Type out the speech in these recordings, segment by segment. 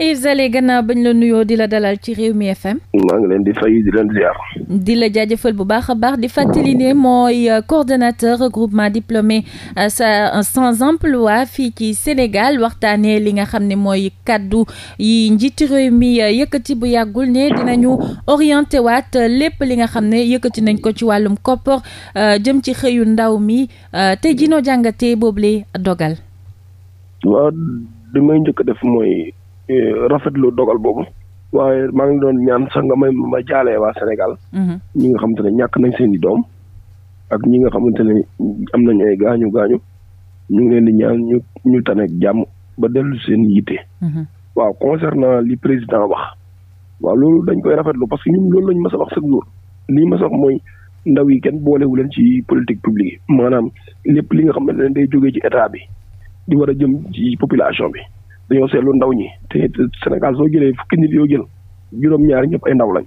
Yves gannaaw bañ la nuyoo di la dalal ci réew mi di la jaajëfal bu baax a baax di fàttali ne mooy euh, coordonnateur regroupement diplômé euh, euh, sans emploi fii ci Sénégal waxtaanee li nga xam ne mooy kàddu yi njiitu réew mi yëkkati bu yàggul ne dinañu orienté waat lépp li nga xam ne yëkkati nañ ko ci wàllum koppar jëm ci xëyu ndaw mi te jinoo jàngatee boobule dogal. waaw li may def mooy. rafetlu dogal boobu. waaye maa ngi doon ñaan sax nga may ma jaalee waa Sénégal. Mhm. ñi nga xamante ne ñàkk nañ seen i doom. ak ñi nga xamante ne am nañ ay gaañu gaañu. ñu ngi leen di ñaan ñu ñu tane jàmm ba dellu seen yitte. Mhm. waaw concernant li président wax. waaw loolu dañ koy rafetlu parce que ñu loolu lañ ma a wax chaque jour lii ma a mooy ndaw yi kenn boolewu leen ci politique publique maanaam lépp li nga xamante ne day jógee ci état bi di war a jëm ci population bi dañoo lu ndaw ñi te Sénégal soo jëlee fukki nit yoo jël juróom-ñaar ñëpp ay ndaw lañ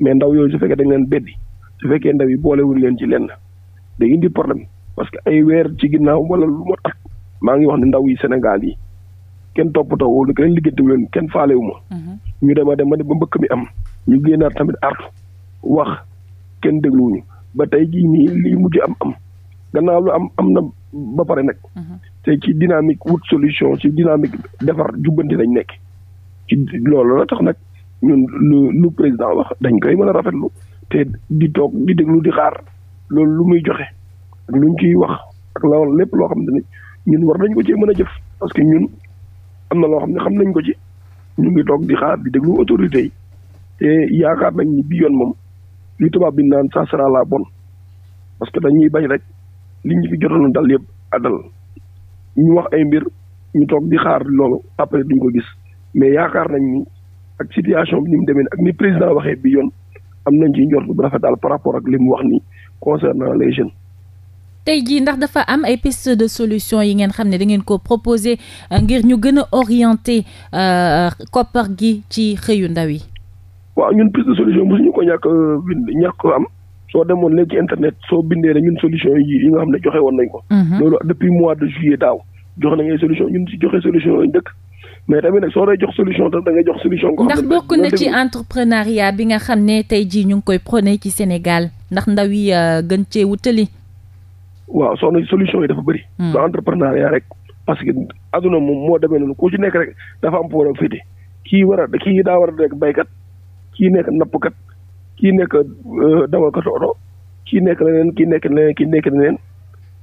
mais ndaw yooyu su fekkee dañ leen beddi su fekkee ndaw yi boolewuñ leen ci lenn day indi problème parce que ay weer ci ginnaaw wala lu ma tax maa ngi wax ne ndaw yi Sénégal yi kenn toppatoo wul kenn liggéeyu leen kenn faalewu ma. Mhm. ñu dem a dem ba mbëkk mi am ñu génnaat tamit artu wax kenn dégluwuñu ba tey jii nii lii mujj am am. gannaaw lu am am na ba pare nag. Mhm. te ci dynamique wut solution ci dynamique defar jubbanti lañ nekk. ci loolu la tax nag ñun lu lu président wax dañ koy mën a rafetlu te di toog di déglu di xaar loolu lu muy joxe ak luñ ciy wax ak lépp loo xam ne ñun war nañ ko cee mën a jëf parce que ñun am na loo xam ne xam nañ ko ci ñu ngi toog di xaar di déglu autorités yi te yaakaar nañ ni bi yoon moom li tubaab bi naan ça sera la bonne parce que dañuy bañ rek. liñ ñu fi jotoon dal yëpp a dal ñu wax ay mbir ñu toog di xaar loolu après duñ ko gis mais yaakaar nañ ni ak situation bi ni mu demee ak ni président waxee bi yoon am nañ ci njort bu rafet daal par rapport ak li mu wax ni concernant les jeunes. tey jii ndax dafa am ay piste de solution yi ngeen xam ne da ngeen ko proposé euh, ngir ñu gën a orienté euh, koppar gi ci xëyu ndaw yi. waaw ñun piste de solution mosuñu ko ñàkk a euh, ñàkk am. soo demoon léegi ci internet soo bindee ne ñun solution yi yi nga xam ne joxe woon nañ ko. Mhm. loolu depuis mois de juillet daaw jox na ay solution ñun si joxe solution yi dëkk. mais tamit nag soo dee jox solution tam da ngay jox solution. ko xam ndax bokk na ci nga xam ne tey jii ñu ngi koy prôné ci Sénégal ndax ndaw yi euh, gën cee wutali. waaw soxna solution yi dafa bëri. Hmm. ba entrepreneuriat rek. parce que aduna moom moo demee noonu ku ci nekk rek dafa am pour féete kii war a kii daa war a nekk baykat kii nekk nappkat. kii nekk euh, dawalkatu oto kii nekk na leneen ki nekk leneen kii nekk leneen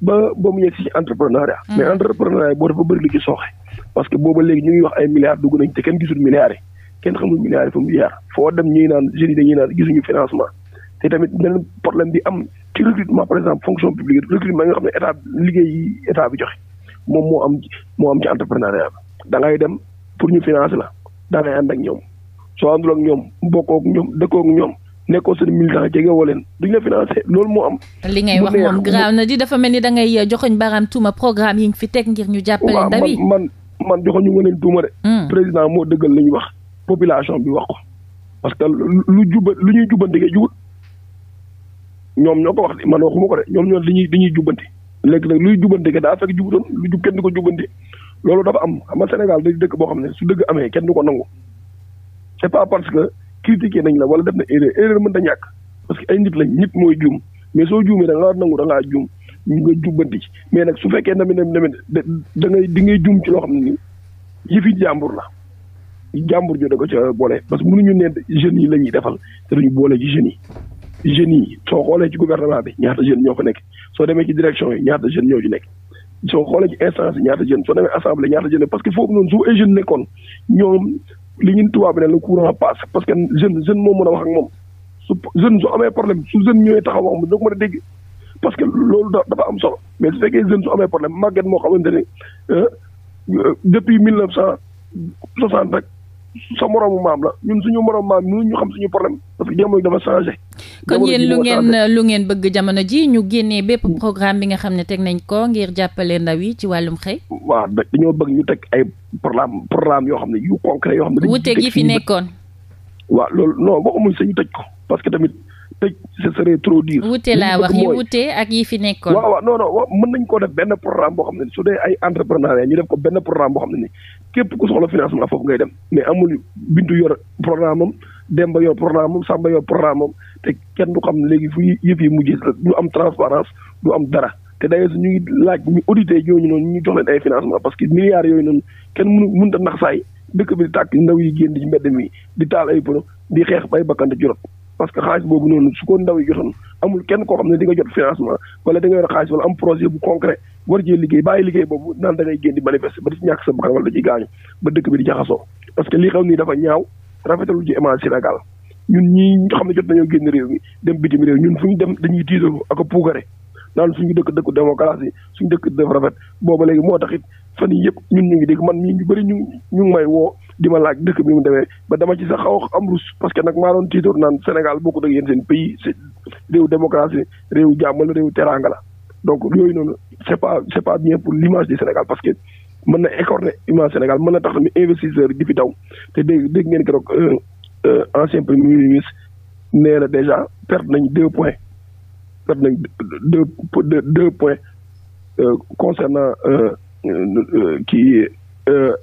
ba ba mu yegg si entrepreneuriat. Mm. mais entrepreneuriat boo dafa bëri li ci sooxe. parce que booba léegi ñu ngi wax ay milliards dugg nañ te kenn gisul milliards yi kenn xamul milliards yi fa mu jaar foo dem ñuy naan jeunes yi dañuy naan gisuñu financement te tamit beneen problème bi am ci recrutement par exemple fonction publique recrutement nga xam ne état liggéey état bi joxe moom moo am moo am ci entrepreneuriat bi da ngay dem pour ñu financer la da ngay ànd ak ñoom soo àndul ak ñoom bokkoo ñoom dëkkoo ak ñoom. nekkoo seen militant jege woo leen du la financé loolu moo am. li ngay wax moom graaw na di dafa mel ni da ngay eh, joxoñ baaraam tuuma programme yi nga fi teg ngir ñu jàppale ndaw yi man man ma leen tuuma hmm. moo dëggal li ñu wax population bi wax ko parce que lu juba lu ñuy jubbante ngay ñoom ñoo ko wax de man waxuma ko de ñoom ñoo dañuy dañuy jubbante léegi nag luy jubbante ke daa fekk jubutoon lu jub kenn du ko jubbante loolu dafa am xam nga Sénégal day dëkk boo xam ne su dëgg amee kenn du ko nangu c'est pas parce que. critiqué nañ la wala def na erreur erreur ñàkk parce que ay nit lañ nit mooy juum mais soo juumee da nga war nangu juum ñu nga mais nag su fekkee tamit tamit da ngay di ngay juum ci loo xam ne ni yëfi jàmbur la jàmbur jo da ko ca boole parce que mënuñu ne jeune yi la ñuy defal te duñu boole ci jeunes yi jeunes yi soo xoolee ci gouvernement bi ñaata jeunes ñoo ko nekk soo demee ci direction yi ñaata jeune ñoo ci nekk soo xoolee ci instance yi ñaata que foofu noonu su ay jeunes nekkoon li ñun tubaab bi ne le courant passe parce que jeune jeune moo mën a wax ak moom su jeune su amee problème su jeune ñëwee taxaw wax moom ko mën a dégg parce que loolu dafa am solo mais su fekkee jeune su amee problème màgget moo xamante ne euh, euh, depuis mille neuf cent soixante rek sa moromu maam la ñun suñu moromu maam mënuñu xam suñu problème jamono dafa changé. kon yéen lu ngeen lu ngeen bëgg jamono ji ñu génnee bépp programme bi nga xam ne teg nañ ko ngir jàppale ndaw yi ci wàllum xëy. waaw dañoo bëgg ñu teg ay programme programme yoo xam ne yu concret yoo xam ne. wuute gi fi nekkoon. waaw loolu non waxumuñ sañu tëj ko parce que tamit tëj ce serait trop dur. wuute laa wax yi wuute ak yi fi nekkoon. waaw waaw non non waaw mën nañ koo def benn programme boo xam ne su dee ay entrepreneuriat ñu def ko benn programme boo xam ne ni képp ku soxla financement foofu ngay dem mais amul bintu yor Demba yor programme am Samba yor programme te kenn du xam léegi fu yëf yi mujj du am transparence du am dara te d'ailleurs ñu ngi laaj ñu auditeurs yooyu noonu ñu jox leen ay financement parce que milliards yooyu noonu kenn mënu mënut a nax saay dëkk bi di tàkk ndaw yi génn ci mbedd mi di taal ay pono di xeex bay bakkan di jurot parce que xaalis boobu noonu su ko ndaw yi jotoon amul kenn koo xam ne di nga jot financement wala da nga yor xaalis wala am projet boobu naan da ngay génn di manifester ba di bi di jaxasoo parce que lii xam nii dafa ñaaw rafetalul ci image Sénégal ñun ñii xam ne jot nañoo génn réew mi dem bitim réew ñun fu ñu dem dañuy tiisalu ak a puugare naan suñu dëkk dëkku démocratie suñu dëkk dafa rafet booba léegi moo taxit fan yii yëpp ñun ñu ngi dégg man mii ñu bëri ñu ñu ngi may woo di laaj dëkk bi mu demee ba dama ci sax xaw am rus parce que nag maa doon tiitoor naan Sénégal bokkut ak yéen seen pays réew démocratie réew jàmm la réew teraanga la donc yooyu noonu c'est pas c'est pas bien pour l'image du Sénégal parce que mën na écorner image Sénégal mën na tax tamit investisseur di fi daw te dégg dégg ngeen keroog euh, euh, ancien premier ministre nee na déjà perte nañ deux points perte nañ deux deux points euh, concernant kii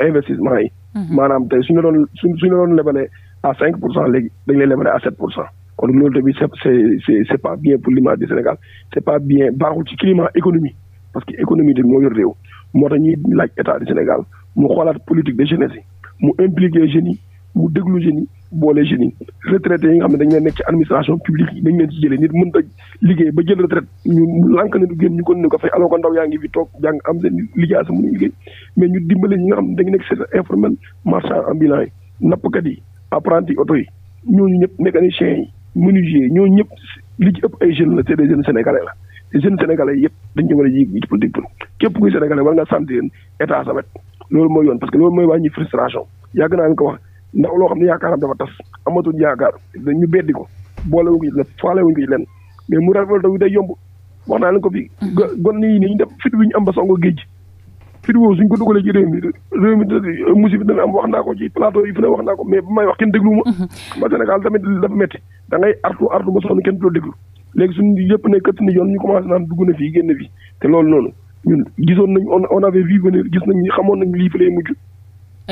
investissement yi. Mhm. maanaam tey suñu doon suñu suñu doon lebalee à cinq pour cent léegi dañ à sept pour cent kon loolu tamit c'est c'est c'est pas bien pour l'image du Sénégal c'est pas bien baaxul ci climat économie parce que économie tamit moo yor réew. moo tax ñuy laaj état du Sénégal mu xoolaat politique de jeunesse yi mu impliqué jeunes yi mu déglu jeunes yi boole jeunes yi yi nga xam ne dañ leen nekk ci administration publique yi dañ leen ci jëlee nit mën a liggéey ba jël retraite ñu lànk ne du génn ñu kon ne ko fay alors que ndaw yaa ngi fi toog jàng am seen liggéey sa mënuñu liggéey mais ñu dimbale ñi nga xam ne dañu nekk secteur informel marchand ambulant yi nappkat yi apprenti oto yi ñooñu ñëpp mécaniciens yi menuisiers yi ñooñu ñëpp li ci ëpp ay jeunes la c'est la jeunes sénégalais yëpp dañ ci war a yéeg ci politique bi képp kuy sénégalais war nga sentir état sa wet loolu mooy yoon parce que loolu mooy wàññi frustration yàgg naa leen ko wax ndax loo xam ne yaakaaram dafa tas amatul yaakaar ñu beddi ko boole wuñ ko ko ci leen mais mu révolté wu yomb wax naa leen ko fii mhm. gon nii ñu am ba songo géej fit woowu suñ ko ci plateau yi fu ne wax ko mais bu may wax kenn déglu ma mhm. ma Sénégal tamit dafa métti da artu artu ba sonn kenn du la léegi suñu yëpp ne këtt ni yoon ñu commencé dugg na fii génn fii te loolu noonu ñun gisoon nañ on avait vu venir gis nañ xamoon nañ lii fi lay mujj.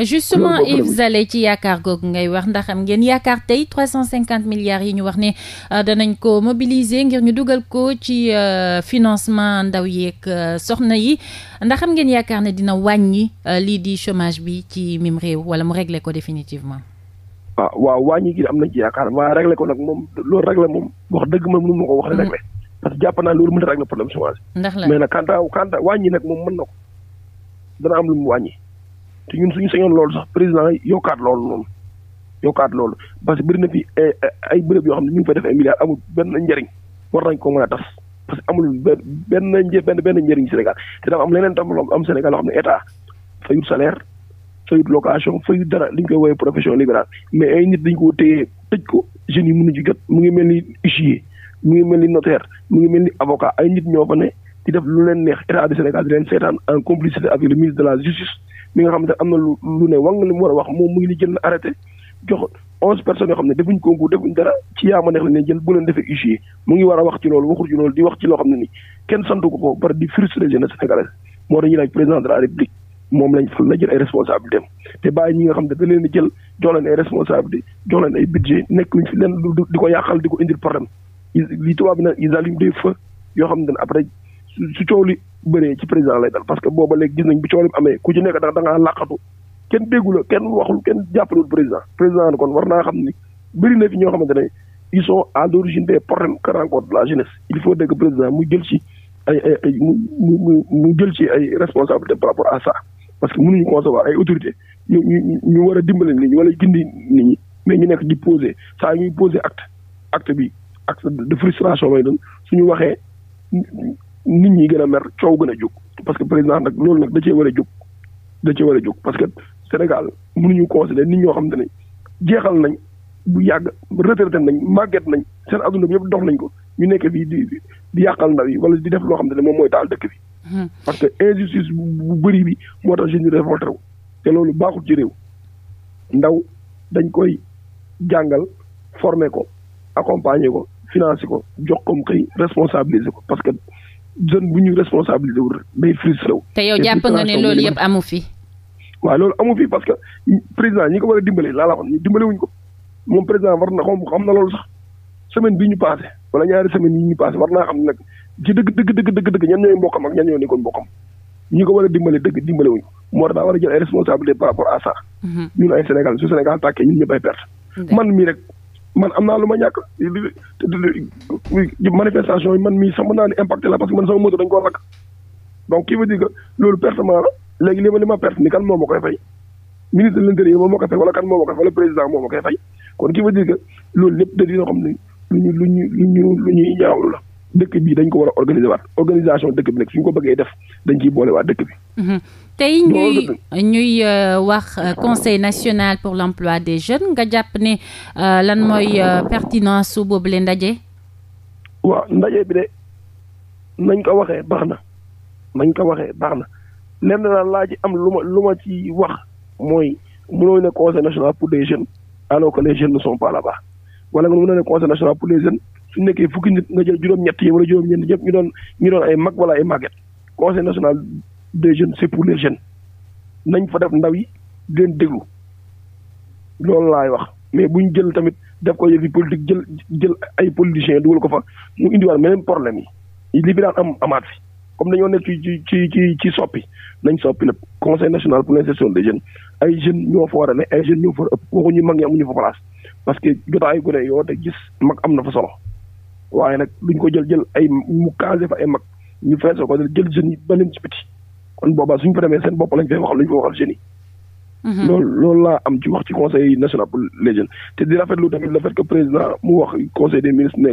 justement Yves Zale ci yaakaar googu ngay wax ndax am ngeen yaakaar tey trois cent cinquante milliards yi ñu wax ne euh, danañ ko mobiliser ngir ñu dugal ko ci euh, financement ndaw yeeg euh, soxna yi ndax am ngeen yaakaar ne dina wàññi lii di chômage bi ci mim réew wala mu régler ko définitivement. waaw waaw wàññi gi am nañ ci yaakaar waaye réglé ko nag moom loolu réglé moom wax dëgg man mënu ma ko wax réglé parce que jàpp naa loolu mën a réglé problème chômage ndax la mais nag quant nag moom mën na ko dana am lu mu wàññi te ñun suñu sañoon loolu sax président yokkaat loolu moom yokkaat loolu parce que bëri na fi eh, eh, ay bërëb yoo xam ne ñu ngi fay def ay milliards amul benn njëriñ war nañ ko mën a tas parce que amul benn benn benn njëriñ Sénégal te dafa am leneen tam am Sénégal yoo xam ne état fayul salaire fayut location fayut dara li ñu koy woowee profession libérale mais ay nit dañ koo téye tëj ko jeunes yi mënuñu jot mu ngi mel ni huissier mu ngi mel ni notaire mu ngi mel ni avocat ay nit ñoo fa ne di def lu leen neex état du Sénégal di leen seetaan en complicité avec le ministre de la justice mi nga xam ne am na lu lu ne wang li mu war a wax moom mu ngi ni jël na arrêté jox onze personnes yoo xam ne defuñ concours defuñ dara ci yaama neex la ne ngi war a wax ci loolu waxul ci loolu wax ci loo xam ne ni kenn santu ko ko par di frustrer moom lañ fal la jël ay responsabilité dem te bàyyi ñi nga xam ne da leen a jël jox leen ay responsabilité jox leen ay budget nekk fi leen di ko yàqal di ko indil problème li tubaab bi nag ils allument yoo xam ne après su coow li bëree ci président lay dal parce que booba léegi gis nañ bu coow li amee ku ci nekk da ngaa làqatu kenn déggu kenn waxul kenn jàppalul président président kon war naa xam ni bëri na fi ñoo xamante ne ils sont à l'origine des problèmes que rencontre la jeunesse il faut dégg président mu jël ci ay ay mu mu mu jël ci ay responsabilité par rapport à ça parce que mënuñu concevoir ay autorité ñu ñu ñu war a dimbale nit ñi wala gindi nit ñi mais ñu nekk di poser saa ñuy poser acte acte bi acte de frustration lay doon suñu waxee nit ñi gën a mer coow gën a jóg parce que président nag loolu nag da cee war a jóg da cee war a jóg parce que Sénégal mënuñu considérer nit ñoo xam te ne jeexal nañ bu yàgg retraité nañ magget nañ seen adduna bi yëpp dox nañ ko ñu nekk fii di di yàqal ndaw yi wala di def loo xa te ne moom mooy taal dëkk bi parce que injustice bu bëri bi moo tax jeunes yi révolté wu te loolu baaxul ci réew ndaw dañ koy jàngal former ko accompagner ko finance ko jox ko mu koy responsabiliser ko parce que jeune bu ñuy responsabiliser wu day frustré wu. te yow jàpp nga ne loolu yëpp amu fi. waaw loolu amu fi parce que président ñi ko war a dimbale laa la wax dimbale wuñ ko moom président war na xam xam na loolu sax semaine bi ñu passé wala ñaari semaine yi ñu paase war naa xam nag. ci dëgg dëgg dëgg dëgg dëgg ñan ñooy mbokkam ak ñan ñoo nekkoon mbokkam ñi ko war a dimbale dëgg dimbale wuñu moo tax daa war a jël ay responsabilité par rapport à ça mhm. ñun ay Sénégal su Sénégal tàkkee ñun ñëpp ay perte man mii rek man am naa lu ma ñàkk manifestation yi man mii sax mën naa ne impacté la parce que man sama moto dañ koo lakk donc qui veut dire que loolu pertement la léegi li ma li ma perte ni kan moom ma koy fay ministre de l'intérieur moom moo koy fay kan moo ma koy fay wala koy fay kon qui veut dire que loolu lépp lu ñu lu ñu lu ñu la dëkk bii dañ ko war a organiser waat organisation dëkk bi nag suñ ko bëggee def dañ ciy boole waa dëkk bi. Mhm. tey ñuy ñuy euh, wax euh, conseil national pour des jeunes nga jàpp ne euh, lan mooy pertinence su boobule ndaje. waaw ndaje bi de ko waxee baax na nañ ko waxee baax na lenn naa laa am lu ma lu ma ci wax mooy mënoo ne conseil national pour les jeunes alors que les wala nga mën na ne conseil national pour les jeunes. su nekkee fukki nit nga jël juróom-ñett yi wala juróom-ñeent ñëpp ñu doon ñu doon ay mag wala ay màgget conseil national des jeune c'est pour les jeunes nañ fa def ndaw yi di leen déglu loolu laay wax mais buñ jël tamit def ko yëfi politique jël jël ay politiciens dugal ko fa mu indiwaat meneen problème yi li fi daan am amaat fi comme dañoo nekk ci ci ci ci soppi nañ soppi lépp conseil national pour l'insertion des jeunes ay jeune ñoo fa war a ne ay jeunes ñoo fa ëpp mag ñi amuñu fa place parce que jotaayu gone yoo te gis mag am na fa solo. waaye nag duñ ko jël jël ay mu casé fa ay mag ñu feesal ko jël jeunes yi ba leen ci biti kon boobaa suñ fa demee seen bopp lañ fay wax luñ fa waxal jeunes yi. Mhm. loolu loolu laa am ci wax ci conseil national pour les jeunes te di rafetlu tamit le fait que président mu wax conseil des ministres ne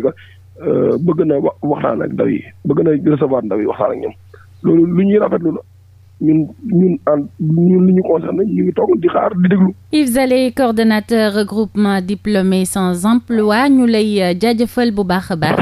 euh, bëgg na waxtaan ak ndaw yi bëgg na recevoir ndaw yi waxtaan ak ñoom loolu lu ñuy rafetlu la. ñun ñun en ñun li ñu di xaar di déglu. Yves Zalé sans emploi ñu lay jaajëfal bu baax a baax.